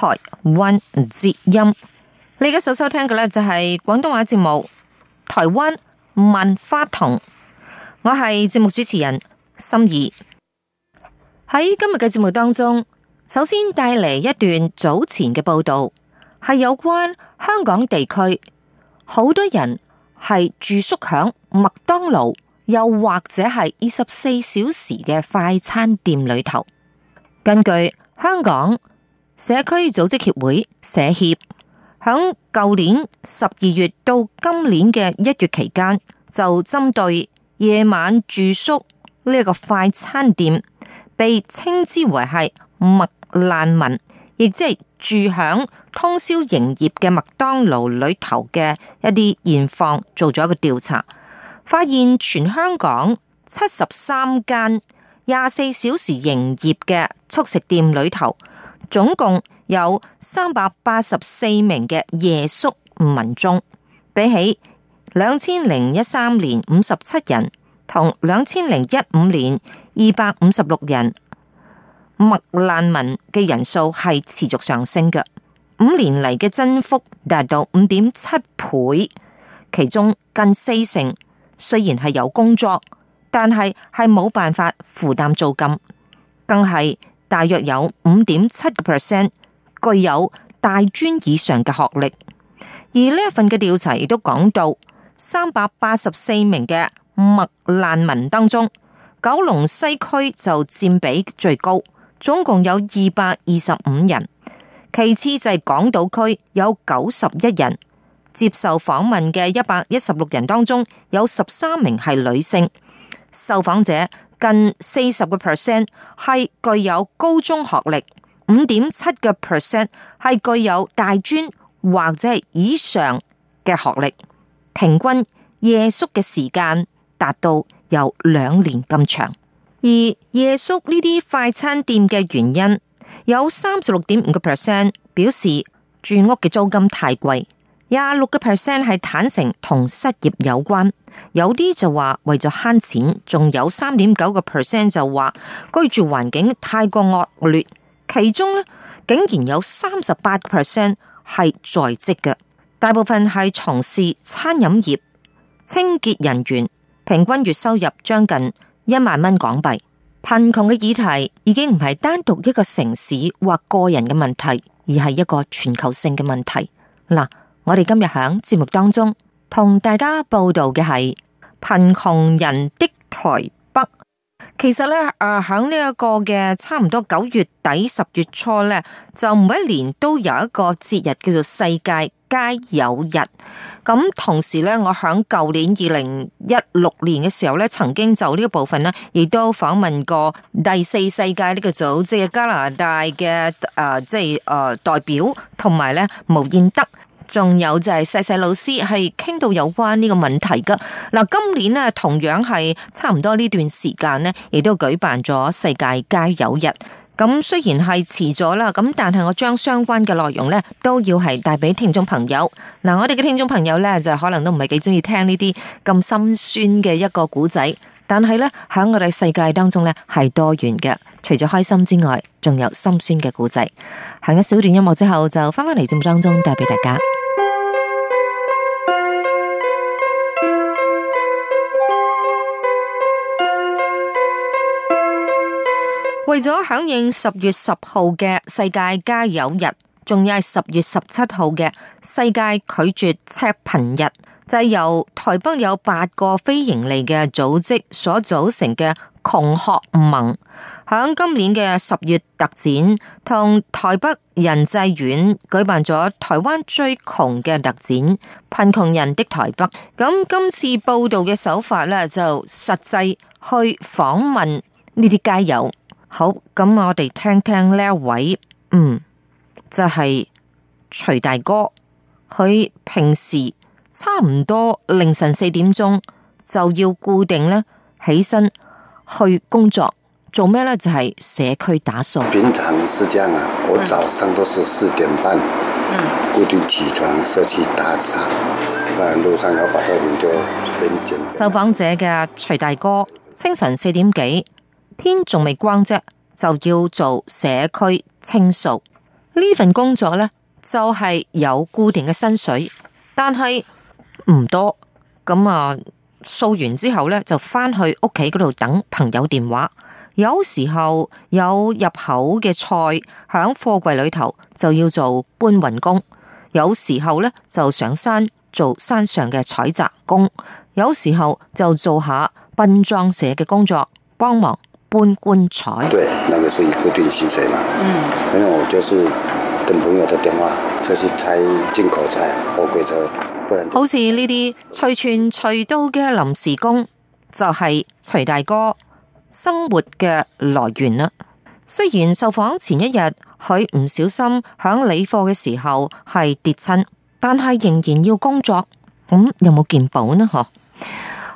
台灣節音，你而家所收聽嘅呢就係廣東話節目《台灣文化堂》，我係節目主持人心怡。喺今日嘅節目當中，首先帶嚟一段早前嘅報道，係有關香港地區好多人係住宿響麥當勞，又或者係二十四小時嘅快餐店裏頭。根據香港。社區組織協會社協喺舊年十二月到今年嘅一月期間，就針對夜晚住宿呢個快餐店，被稱之為係麥難民，亦即係住響通宵營業嘅麥當勞裏頭嘅一啲現況，做咗一個調查，發現全香港七十三間廿四小時營業嘅速食店裏頭。總共有三百八十四名嘅夜宿民眾，比起兩千零一三年五十七人，同兩千零一五年二百五十六人，麥難民嘅人數係持續上升嘅。五年嚟嘅增幅達到五點七倍，其中近四成雖然係有工作，但係係冇辦法負擔租金，更係。大約有五點七個 percent 具有大專以上嘅學歷，而呢一份嘅調查亦都講到，三百八十四名嘅麥難民當中，九龍西區就佔比最高，總共有二百二十五人，其次就係港島區有九十一人。接受訪問嘅一百一十六人當中，有十三名係女性受訪者。近四十個 percent 係具有高中學歷，五點七個 percent 係具有大專或者係以上嘅學歷。平均夜宿嘅時間達到有兩年咁長。而夜宿呢啲快餐店嘅原因，有三十六點五個 percent 表示住屋嘅租金太貴，廿六個 percent 係坦承同失業有關。有啲就話為咗慳錢，仲有三點九個 percent 就話居住環境太過惡劣，其中呢竟然有三十八個 percent 係在職嘅，大部分係從事餐飲業、清潔人員，平均月收入將近一萬蚊港幣。貧窮嘅議題已經唔係單獨一個城市或個人嘅問題，而係一個全球性嘅問題。嗱，我哋今日響節目當中，同大家報道嘅係貧窮人的台北。其實咧，誒，喺呢一個嘅差唔多九月底十月初咧，就每一年都有一個節日叫做世界街友日。咁同時咧，我喺舊年二零一六年嘅時候咧，曾經就呢個部分呢，亦都訪問過第四世界呢個組織嘅加拿大嘅誒，即係誒代表，同埋咧巫彥德。仲有就係細細老師係傾到有關呢個問題㗎嗱，今年咧同樣係差唔多呢段時間咧，亦都舉辦咗世界交友日。咁雖然係遲咗啦，咁但係我將相關嘅內容咧都要係帶俾聽眾朋友。嗱，我哋嘅聽眾朋友呢，就可能都唔係幾中意聽呢啲咁心酸嘅一個古仔，但係呢，喺我哋世界當中呢，係多元嘅，除咗開心之外，仲有心酸嘅古仔。行一小段音樂之後就翻返嚟節目當中帶俾大家。為咗響應十月十號嘅世界街友日，仲有係十月十七號嘅世界拒絕赤貧日，就係由台北有八個非營利嘅組織所組成嘅窮學盟，響今年嘅十月特展，同台北仁濟院舉辦咗台灣最窮嘅特展《貧窮人的台北》。咁今次報道嘅手法呢，就實際去訪問呢啲街友。好，咁我哋聽聽呢一位，嗯，就係、是、徐大哥，佢平時差唔多凌晨四點鐘就要固定呢起身去工作，做咩呢？就係、是、社區打掃。平常是這樣啊，我早上都是四點半，固定起床社區打掃，啊路上要把太平車領證。受訪者嘅徐大哥，清晨四點幾。天仲未光啫，就要做社區清掃。呢份工作呢，就係有固定嘅薪水，但係唔多。咁啊，掃完之後呢，就返去屋企嗰度等朋友電話。有時候有入口嘅菜響貨櫃裏頭，就要做搬運工；有時候呢，就上山做山上嘅採集工；有時候就做下殯葬社嘅工作幫忙。搬棺材，對，那個是一個定薪水嘛，嗯，因為，我就是等朋友的電話，就是猜進口菜，貨櫃就，好似呢啲隨傳隨到嘅臨時工，就係、是、徐大哥生活嘅來源啦。雖然受訪前一日佢唔小心響理貨嘅時候係跌親，但係仍然要工作，咁、嗯、有冇健保呢？嗬？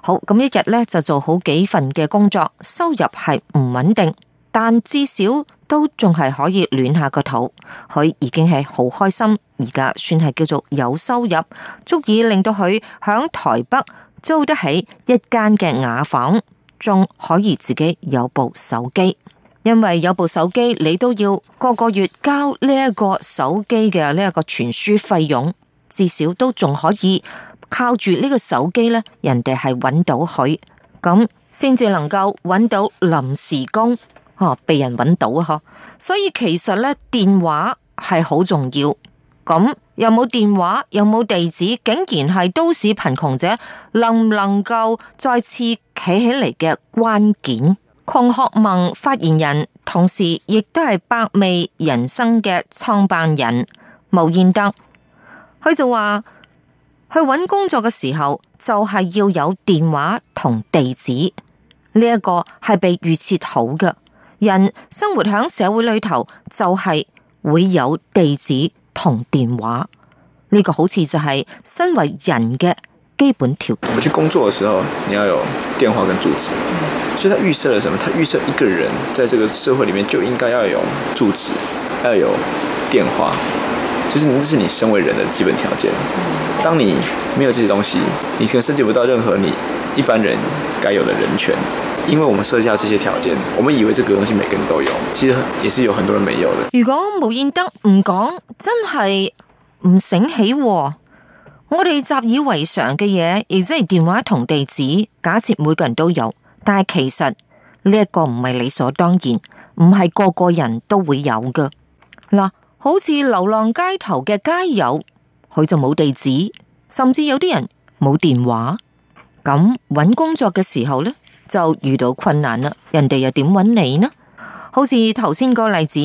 好，咁一日呢，就做好幾份嘅工作，收入係唔穩定，但至少都仲係可以暖下個肚。佢已經係好開心，而家算係叫做有收入，足以令到佢響台北租得起一間嘅雅房，仲可以自己有部手機。因為有部手機，你都要個個月交呢一個手機嘅呢一個傳輸費用，至少都仲可以。靠住呢個手機呢，人哋係揾到佢，咁先至能夠揾到臨時工，哦、啊，被人揾到。所以其實呢，電話係好重要。咁又冇電話，又冇地址，竟然係都市貧窮者能唔能夠再次企起嚟嘅關鍵？窮學盟發言人，同時亦都係百味人生嘅創辦人巫彥德，佢就話。去搵工作嘅時候，就係要有電話同地址，呢個係被預設好嘅。人生活喺社會裏頭，就係會有地址同電話，呢個好似就係身為人嘅基本條件。我去工作嘅時候，你要有電話跟住址，所以佢預設了什麼？佢預設一個人在這個社會裏面就應該要有住址，要有電話。就是，這是你身為人的基本條件。當你沒有這些東西，你可能爭取不到任何你一般人該有的人權，因為我們設計到這些條件，我們以為這個東西每個人都有，其實也是有很多人沒有的。如果巫彥德，唔講，真係唔醒起、哦，我哋習以為常嘅嘢，亦即係電話同地址，假設每個人都有，但係其實呢一、這個唔係理所當然，唔係個個人都會有噶啦。好似流浪街頭嘅街友，佢就冇地址，甚至有啲人冇電話。咁搵工作嘅時候呢，就遇到困難啦。人哋又點搵你呢？好似頭先個例子，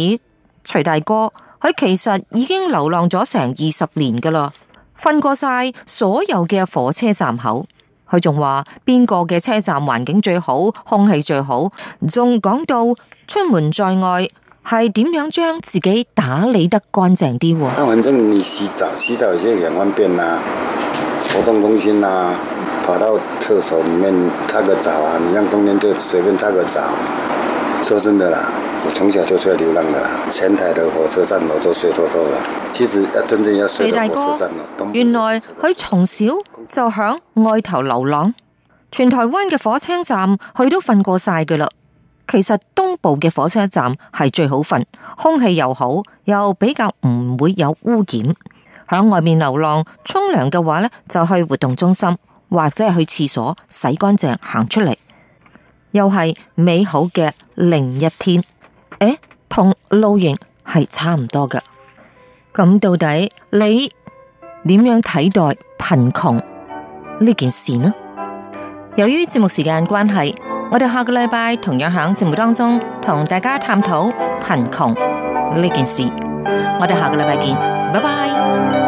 徐大哥，佢其實已經流浪咗成二十年噶啦，瞓過晒所有嘅火車站口。佢仲話邊個嘅車站環境最好，空氣最好，仲講到出門在外。係點樣將自己打理得乾淨啲？那反正你洗澡，洗澡即係養翻邊啦，活動中心啦，跑到廁所裏面擦個澡啊！你像冬天就隨便擦個澡。說真的啦，我從小就出去流浪噶啦，全台的火車站我都睡多多啦。其實真正要睡在火車站咯。都多多原來佢從小就響外頭流浪，全台灣嘅火車站佢都瞓過晒噶啦。其實東部嘅火車站係最好瞓，空氣又好，又比較唔會有污染。響外面流浪，沖涼嘅話呢，就去活動中心，或者去廁所洗乾淨，行出嚟，又係美好嘅另一天。誒，同露營係差唔多嘅。咁到底你點樣睇待貧窮呢件事呢？由於節目時間關係。我哋下個禮拜同樣響節目當中同大家探討貧窮呢件事，我哋下個禮拜見，拜拜。